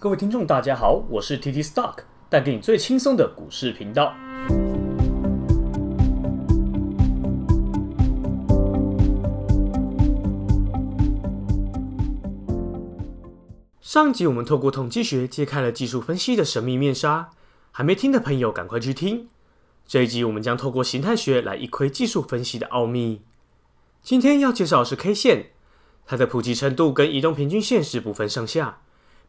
各位聽眾，大家好，我是 TT Stock，帶給你最輕鬆的股市頻道。上集我們透過統計學揭開了技術分析的神秘面紗，還沒聽的朋友趕快去聽。這一集我們將透過形態學來一窺技術分析的奧秘。今天要介紹的是 K 線，它的普及程度跟移動平均線是不分上下。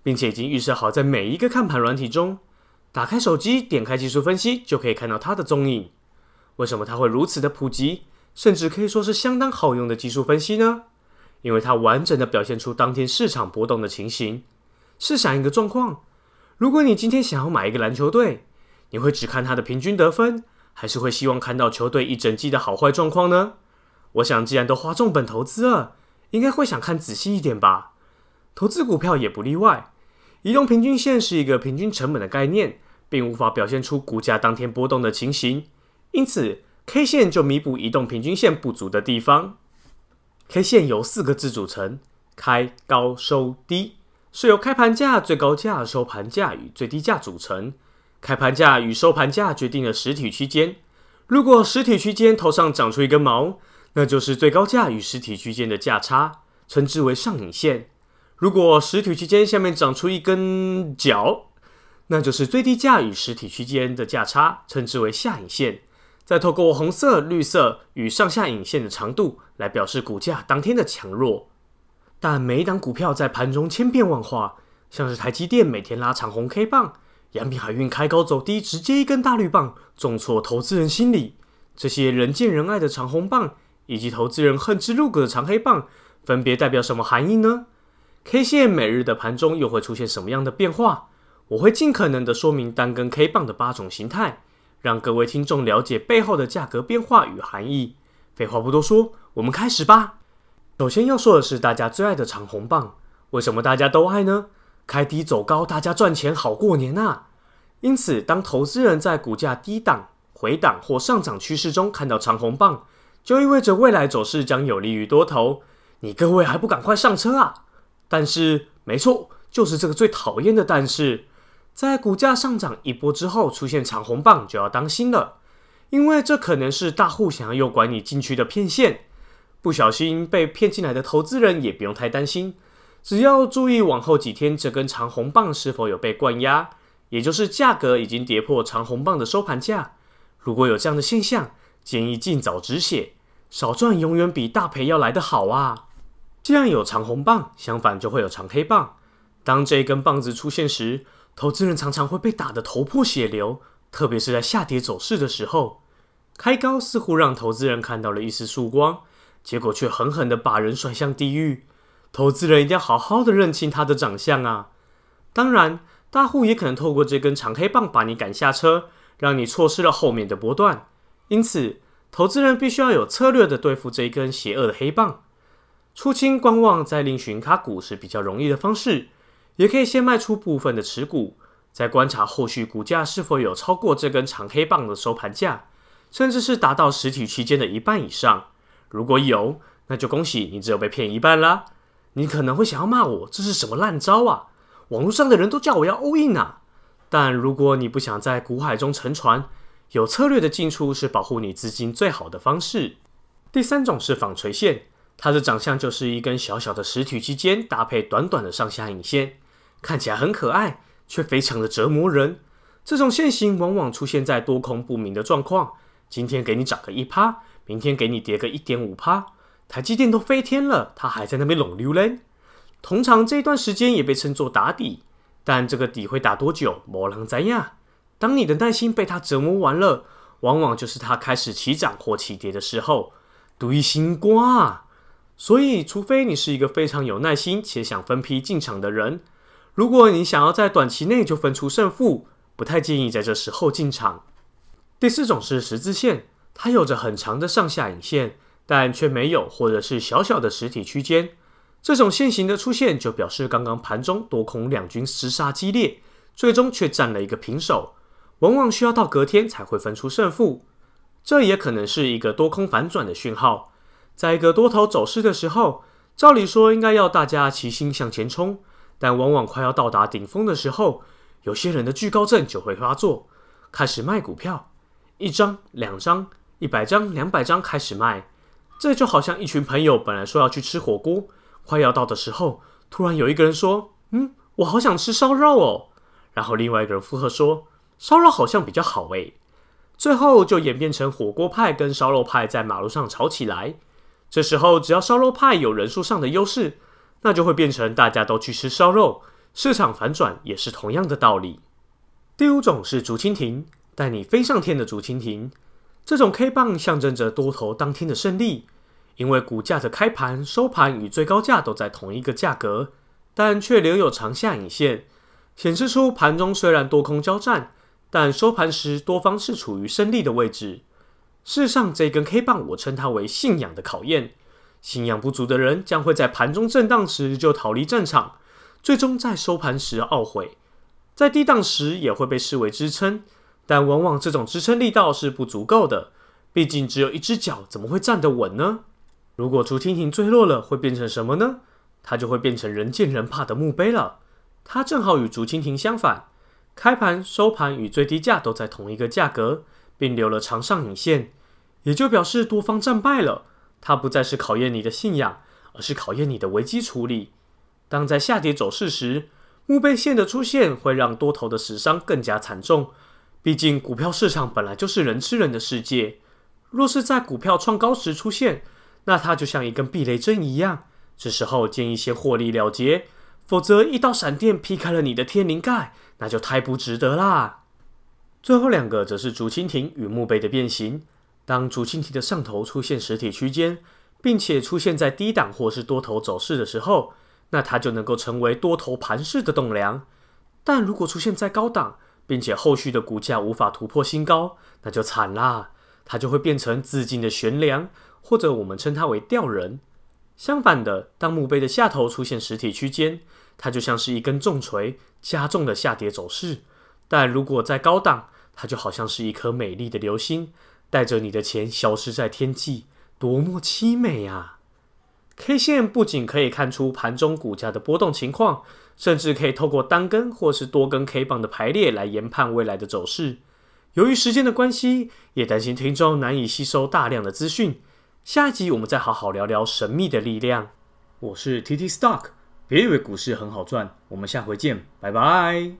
並且已經預設好，在每一個看盤軟體中，打開手機，點開技術分析，就可以看到它的蹤影。為什麼它會如此的普及，甚至可以說是相當好用的技術分析呢？因為它完整地表現出當天市場波動的情形。試想一個狀況：如果你今天想要買一個籃球隊，你會只看它的平均得分，還是會希望看到球隊一整季的好壞狀況呢？我想，既然都花重本投資了，應該會想看仔細一點吧。投資股票也不例外，移動平均線是一個平均成本的概念，並無法表現出股價當天波動的情形，因此 K 線就彌補移動平均線不足的地方。K 線由四個字組成：開、高、收、低，是由開盤價、最高價、收盤價與最低價組成。開盤價與收盤價決定了實體區間，如果實體區間頭上長出一根毛，那就是最高價與實體區間的價差，稱之為上影線。如果實體區間下面長出一根腳，那就是最低價與實體區間的價差，稱之為下影線。再透過紅色、綠色與上下影線的長度來表示股價當天的強弱。但每一檔股票在盤中千變萬化，像是台積電每天拉長紅 K 棒，陽明海運開高走低，直接一根大綠棒，重挫投資人心理。這些人見人愛的長紅棒，以及投資人恨之入骨的長黑棒，分別代表什麼含義呢？K 線每日的盤中又會出現什麼樣的變化？我會盡可能的說明單根 K 棒的八種形態，讓各位聽眾了解背後的價格變化與含義。廢話不多說，我們開始吧。首先要說的是大家最愛的長紅棒，為什麼大家都愛呢？開低走高，大家賺錢好過年啊！因此，當投資人在股價低檔、回檔或上漲趨勢中看到長紅棒，就意味着未來走勢將有利於多頭。你各位還不趕快上車啊！但是，沒錯，就是這個最討厭的。但是在股價上漲一波之後出現長紅棒，就要當心了，因為這可能是大戶想要誘拐你進去的騙線。不小心被騙進來的投資人也不用太擔心，只要注意往後幾天這根長紅棒是否有被灌壓，也就是價格已經跌破長紅棒的收盤價。如果有這樣的現象，建議盡早止血，少賺永遠比大賠要來得好啊。既然有長紅棒，相反就會有長黑棒。當這一根棒子出現時，投資人常常會被打得頭破血流，特別是在下跌走勢的時候。開高似乎讓投資人看到了一絲曙光，結果卻狠狠地把人甩向地獄。投資人一定要好好的認清他的長相啊！當然，大戶也可能透過這根長黑棒把你趕下車，讓你錯失了後面的波段。因此，投資人必須要有策略地對付這一根邪惡的黑棒。出清觀望再另尋卡股是比較容易的方式，也可以先賣出部分的持股，再觀察後續股價是否有超過這根長黑棒的收盤價，甚至是達到實體區間的一半以上。如果有，那就恭喜你，只有被騙一半啦。你可能會想要罵我，這是什麼爛招啊？網絡上的人都叫我要 all in 啊。但如果你不想在股海中沉船，有策略的進出是保護你資金最好的方式。第三種是紡錘線。它的長相就是一根小小的實體區間，搭配短短的上下影線，看起來很可愛，卻非常的折磨人。這種線型往往出現在多空不明的狀況。今天給你漲個一趴，明天給你跌個一點五趴，台積電都飛天了，它還在那邊浪流連。通常這一段時間也被稱作打底，但這個底會打多久，無人知影？當你的耐心被它折磨完了，往往就是它開始起漲或起跌的時候，獨一星瓜。所以，除非你是一個非常有耐心且想分批進場的人，如果你想要在短期內就分出勝負，不太建議在這時候進場。第四種是十字線，它有着很長的上下影線，但卻沒有或者是小小的實體區間。這種線型的出現，就表示剛剛盤中多空兩軍厮殺激烈，最終卻占了一個平手，往往需要到隔天才會分出勝負。這也可能是一個多空反轉的訊號。在一個多頭走勢的時候，照理說應該要大家齊心向前衝，但往往快要到達頂峰的時候，有些人的懼高症就會發作，開始賣股票，一張、兩張、一百張、兩百張開始賣。這就好像一群朋友本來說要去吃火鍋，快要到的時候，突然有一個人說：“嗯，我好想吃燒肉哦。”然後另外一個人附和說：“燒肉好像比較好誒。”最後就演變成火鍋派跟燒肉派在馬路上吵起來。這時候，只要燒肉派有人數上的優勢，那就會變成大家都去吃燒肉。市場反轉也是同樣的道理。第五種是竹蜻蜓，帶你飛上天的竹蜻蜓。這種 K 棒象徵着多頭當天的勝利，因為股價的開盤、收盤與最高價都在同一個價格，但卻留有長下影線，顯示出盤中雖然多空交戰，但收盤時多方是處於勝利的位置。事實上這根 K 棒，我稱它為信仰的考驗。信仰不足的人，將會在盤中震盪時就逃離戰場，最終在收盤時懊悔。在低檔時也會被視為支撐，但往往這種支撐力道是不足夠的。畢竟只有一隻腳，怎麼會站得穩呢？如果竹蜻蜓墜落了，會變成什麼呢？它就會變成人見人怕的墓碑了。它正好與竹蜻蜓相反，開盤、收盤與最低價都在同一個價格。並留了長上影線，也就表示多方戰敗了。它不再是考驗你的信仰，而是考驗你的危機處理。當在下跌走勢時，墓碑線的出現會讓多頭的死傷更加慘重。畢竟股票市場本來就是人吃人的世界。若是在股票創高時出現，那它就像一根避雷針一樣。這時候建議先獲利了結，否則一道閃電劈開了你的天靈蓋，那就太不值得啦。最後兩個則是竹蜻蜓與墓碑的變形。當竹蜻蜓的上頭出現實體區間，並且出現在低檔或是多頭走勢的時候，那它就能夠成為多頭盤勢的棟梁。但如果出現在高檔，並且後續的股價無法突破新高，那就慘啦，它就會變成自盡的懸梁，或者我們稱它為吊人。相反的，當墓碑的下頭出現實體區間，它就像是一根重錘，加重了下跌走勢。但如果在高檔，它就好像是一顆美麗的流星，帶着你的錢消失在天際，多麼淒美啊！K 線不僅可以看出盤中股價的波動情況，甚至可以透過單根或是多根 K 棒的排列來研判未來的走勢。由於時間的關係，也擔心聽眾難以吸收大量的資訊，下一集我們再好好聊聊神祕的力量。我是 TT Stock，別以為股市很好賺，我們下回見，拜拜。